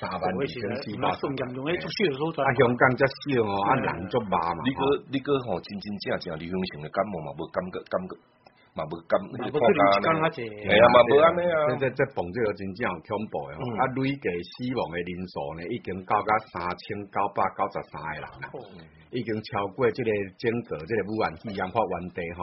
三萬幾錢咧？啊,啊，香港則少哦，啊，人足麻嘛。呢個呢個吼，真真正正流行性嘅感冒嘛，無感覺，感覺嘛，無感，如果出年之間阿姐，係啊冇冇啱咩啊？即即捧出咗錢之後，恐怖啊！累計死亡嘅人數呢，已經高到三千九百九十三個人啦，已經超過即個整個即、啊嗯嗯嗯啊、個污染氣氧化源地吼。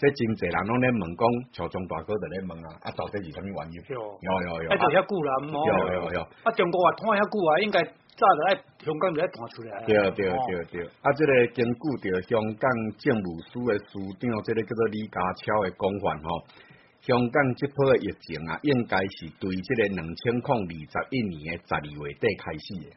即真濟人攏咧問講，長江大哥就咧問啊，啊到底是蝦米原因？有有有，阿就遐久啦，唔、啊、好、哦哦啊。有有有，阿、啊、中國話拖遐久啊，應該早着在香港就咧斷出來。對對對對，阿、啊、即、啊啊啊這個根據着香港政務司嘅司長，即個叫做李家超嘅講話吼，香港即波嘅疫情啊，應該是對即個兩千零二十一年嘅十二月底開始。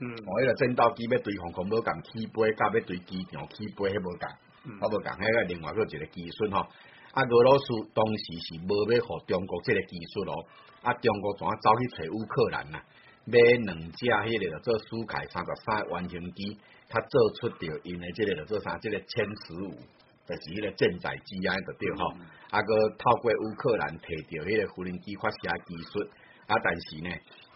嗯、哦，迄、那個戰鬥機要對方講要甲起飛，甲要對機場起飛，迄冇講，冇冇講，迄、那個另外擱一個技術吼、哦。啊，俄羅斯當時是無要互中國即個技術咯、哦。啊，中國怎起走去找烏克蘭啊？買兩架迄個做蘇凱三十三原型機，卡做出着因為即個着做啥，即、這個殲十五，就是迄個艦載機安着對吼、哦嗯。啊，佮透過烏克蘭摕着迄個無人機發射技術，啊，但是呢？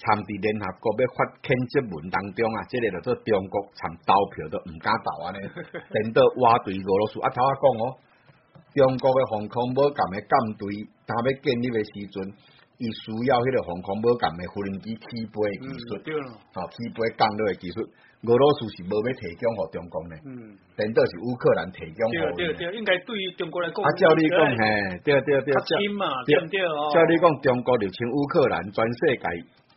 參佇聯合國要發譴責文當中啊，即、這個著到中國參投票都毋敢投安尼。等到話對俄羅斯阿頭阿講哦，中國嘅防空母艦嘅艦隊，他要建立嘅時陣，佢需要嗰個防空母艦嘅飛機起飛技術、嗯哦喔，起飛降落技術，俄羅斯是無要提供，中國嗯，等到是烏克蘭提供。對對對，應該對於中國來講、啊，照你講吓，你講、哦、中國像烏克蘭，全世界。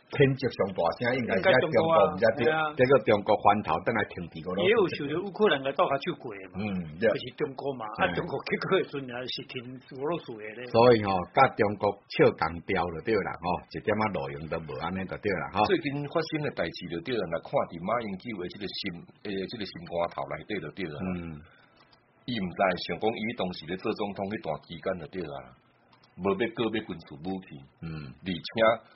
天著上大先，應該是在中國，這個中國飯頭等係停地嗰度。也有受到烏克蘭嘅刀下之過，嗯，就是,是中國嘛，嗯、啊，中國去過嘅陣也是停俄羅斯嘅咧。所以吼、哦，加中國笑干雕就對啦，吼、哦，一點啊路用都無，安尼就對啦，哈、哦。最近發生嘅代志就對啦，看住馬英九嘅這個心誒，這個心肝頭啦。嗯。伊毋知想講，伊當時咧做總統，段期間就對啦，無軍事武器，嗯，而且。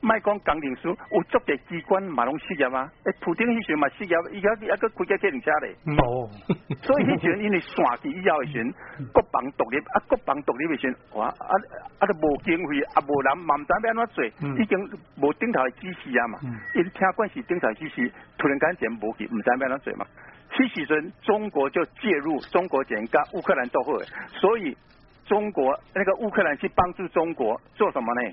賣講鋼定書，有足儕機關嘛攏失業嗎？誒，普丁迄時陣嘛失業，伊個一個國家家庭家的，冇、oh. 。所以以前因為散去以後的時陣，國防獨立，各立啊，國防獨立的船，哇啊啊都無經費啊，無、啊啊、人嘛毋知要安怎做、嗯，已經無頂頭的支持啊嘛。嗯、因為聽講是頂頭支持突然間錢冇去，毋知要安怎做嘛。迄時陣中國就介入，中國前甲烏克蘭都好，所以中國那個烏克蘭去幫助中國做什麼呢？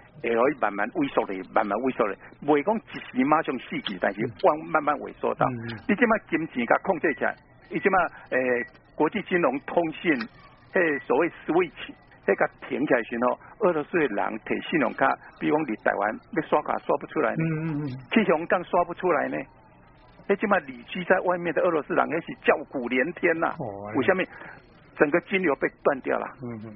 係可以慢慢萎縮嚟，慢慢萎縮嚟，唔會講一時馬上死去，但是往慢慢萎縮到。你知嘛？嗯嗯、金錢架控制起來。你知嘛？誒、欸，國際金融通信，誒所謂 switch，喺個停起來的時候，咯。俄羅斯的人睇信用卡，比如講嚟台灣，你刷卡刷不出來，嗯嗯，去香港刷不出來呢。你知嘛？旅居在外面的俄羅斯人，佢是叫苦連天啦、啊。佢下面整個金流被斷掉了。嗯嗯嗯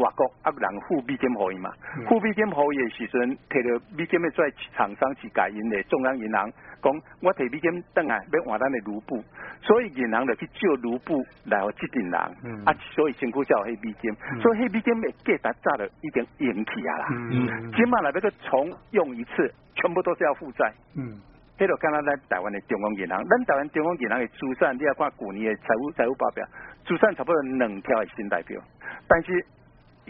外國啊，人付美金可伊嘛？付美金可伊嘅時陣，摕到美金嘅在廠商、去家因行、中央銀行，講我摕美金等下要還咱嘅盧布，所以銀行就去借盧布來借錢人、嗯、啊，所以辛苦叫黑美金，嗯、所以黑美金嘅價值早了已經引起啊啦。今嘛來要佮重用一次，全部都是要負債。嗯，喺度講到咱台灣嘅中央銀行，咱台灣中央銀行嘅資產你要看舊年嘅財務財務報表，資產差不多兩條系損代表，但是。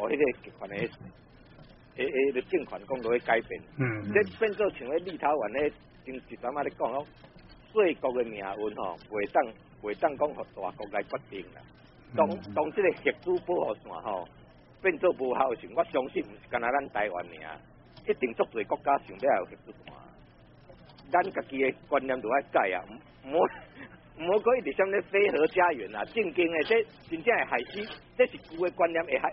哦，迄個集團誒，誒誒，咧政權工作咧改變，嗯即、嗯、變做像咧立陶宛誒，從是點仔咧講咯，小國嘅命運吼，袂當袂當講互大國來決定啦。當、嗯嗯、當即個核子保護傘吼，變做無效性，我相信毋是敢若咱台灣爾，一定足儕國家想底也有核子線。咱家己誒觀念就要改啊，唔唔好唔好擱一直想咧非核家園啊，正經誒即真正係害死，即是舊誒觀念會害。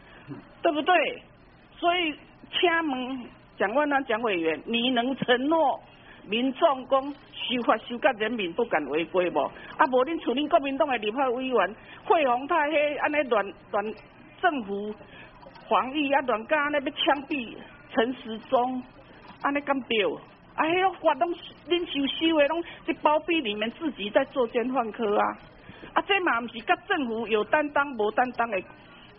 嗯、對不對？所以，請問蔣萬安蔣委員，你能承諾民眾講修法修改人民不敢違規無？啊，無恁處理國民黨嘅立法委員，費鴻泰迄安尼亂亂政府防疫啊亂搞，安尼要槍斃陳時中，安尼咁表？哎、啊、喲，我攏恁修修誒，攏是包庇你們自己在作奸犯科啊！啊，這嘛唔是甲政府有擔當無擔當嘅？